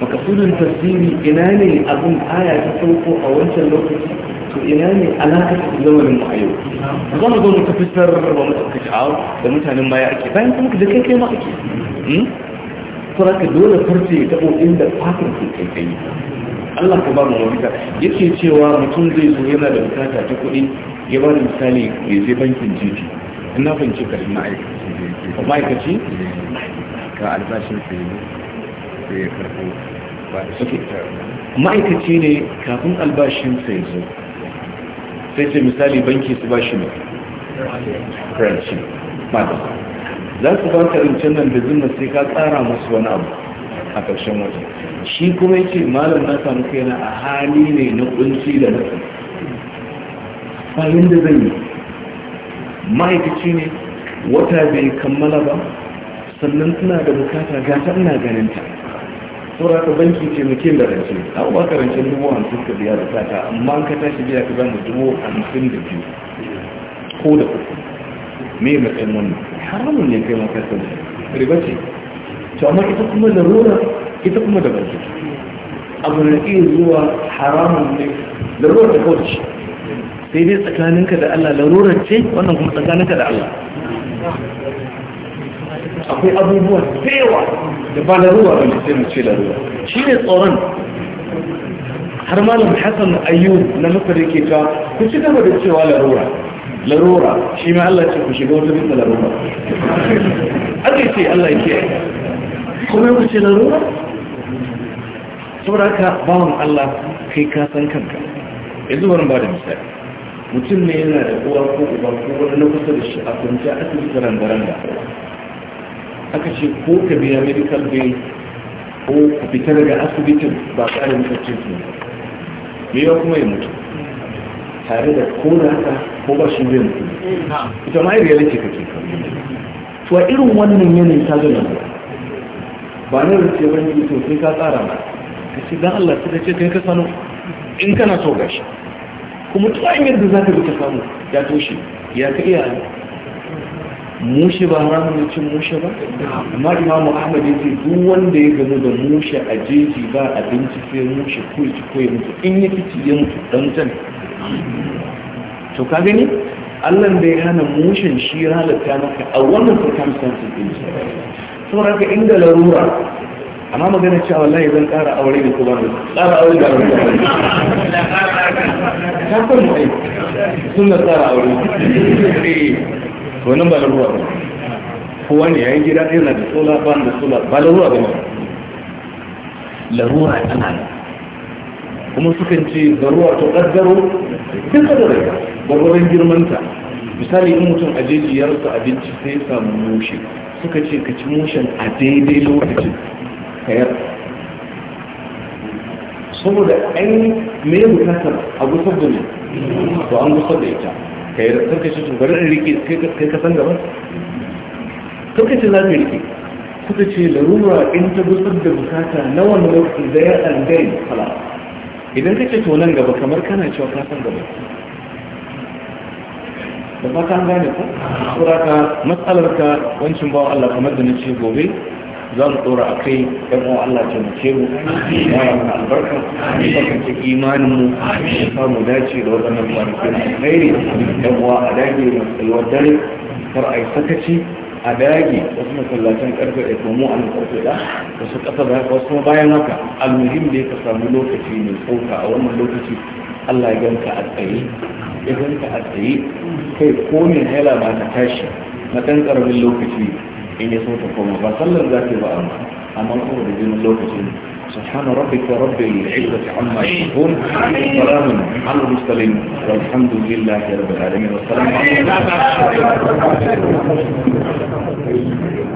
makasudin tasiri, ina ne abin aya ta sauko a wancan lokaci to ina ne alaƙar zamanin mu a yau mu zo mu tafisar ba mu ɗauka sha'awa da mutanen baya ake bayan kuma ka kai kai ma ake kuma hmm? ka dole farce ya taɓo inda fatan ke kai kai Allah ka ba mu mafita yake cewa mutum zai zo yana da bukata ta kuɗi ya ba da misali ya je bankin titi in na fahimci karin ma'aikaci ma'aikaci ka albashin sai ma'aikaci ne kafin albashin sai zo sai ce misali banki su bashi ne ranci mata za su ba ka rancen nan da zunna sai ka tsara masu wani abu a ƙarshen wata shi kuma ya ce malam na samu kaina a hali ne na ƙunci da na bayan da zan yi ma'aikaci ne wata bai kammala ba sannan suna da bukata gata ina ganinta saura ka banki ce mutum da rance a ba ka rancen dubu hamsin ka biya da sata amma ka tashi biya ka zama dubu hamsin da biyu ko da uku me matsayin wannan haramun ne kai maka sun riba ce to amma ita kuma da rura ita kuma da banki abu na iya zuwa haramun ne da rura da kawai sai dai tsakaninka da Allah larurar ce wannan kuma tsakaninka da Allah akwai abubuwan tsewa da ba da ruwa wanda sai mu ce da ruwa shi ne tsoron har malam hassan ayyub na masar yake ka ku ci gaba da cewa larura larura shi ma Allah ce ku shiga wata bisa larura aka ce Allah ke kuma ku ce larura saboda ka bawan Allah kai ka san kanka yanzu bari ba da misali mutum ne yana da uwa ko uba ko wani na kusa da shi a kwanciya asibiti randa-randa aka ce ko ka biya medical bill ko ka fita daga asibitin ba tare da mutuncin su me yau kuma ya mutu tare da ko da haka ko ba shi zai mutu ita ma yarda ce kake to a irin wannan yanayin ta zo nan ba na rance ba ne to sai ka tsara ma ka ce dan Allah sai ka ce kai ka sano in kana so gashi kuma to an yadda zaka bi ta samu ya toshe ya ka iya Mushe ba haramun mu cin mushe ba amma imamu ahmad ya ce duk wanda ya gano da mushe a jeji ba abinci sai mushe ko ya ci ko ya mutu in ya fici ya mutu dan can to ka gani allah bai ya hana mushen shi ya halatta maka a wannan circumstances din saboda haka inda larura amma magana cewa wallahi zan ƙara aure da kuma ƙara aure da aure ta kwanu ai sun da ƙara aure to wannan ba ruwa ba kowa ne yayin gida ɗaya na da sola ba da sola ba ruwa ba ne larura tana da kuma sukan ce garuwa to ƙaddaro duk ƙaddarai ba gwargwaron girmanta misali in mutum a jeji ya abinci sai ya samu mushe suka ce ka ci mushen a daidai lokacin kayar saboda an mai bukatar a gusar da ne to an gusar da ita ka yi da kashi to bari in rike kai kasan gaba sun kashi za ka rike suka ce larura in ta gusar da bukata na wani lokaci da ya ɗangare fala idan ka ce to nan gaba kamar kana cewa ka san gaba da fata an gane ko? Suraka matsalarka wancin bawa Allah kamar da na ce gobe za mu tsora a kai yan uwa Allah ta mace mu ya yi mana albarka ya kasance imanin mu ya samu dace da waɗannan kwanakin alkhairi yan uwa a dage da tsayuwar dare kar a yi sakaci a dage wasu masallacin karfe da komo a nan karfe da wasu ƙasa da haka wasu bayan haka almuhim da ya ka samu lokaci mai tsauka a wannan lokaci Allah ya ganka a tsaye ya ganka a tsaye kai ko mai hala ba ta tashi na ɗan ƙaramin lokaci in ya so ta koma ba sallar za ta ba سبحان ربك رب العزة عما يشركون سلام على المرسلين والحمد لله رب العالمين والسلام عليكم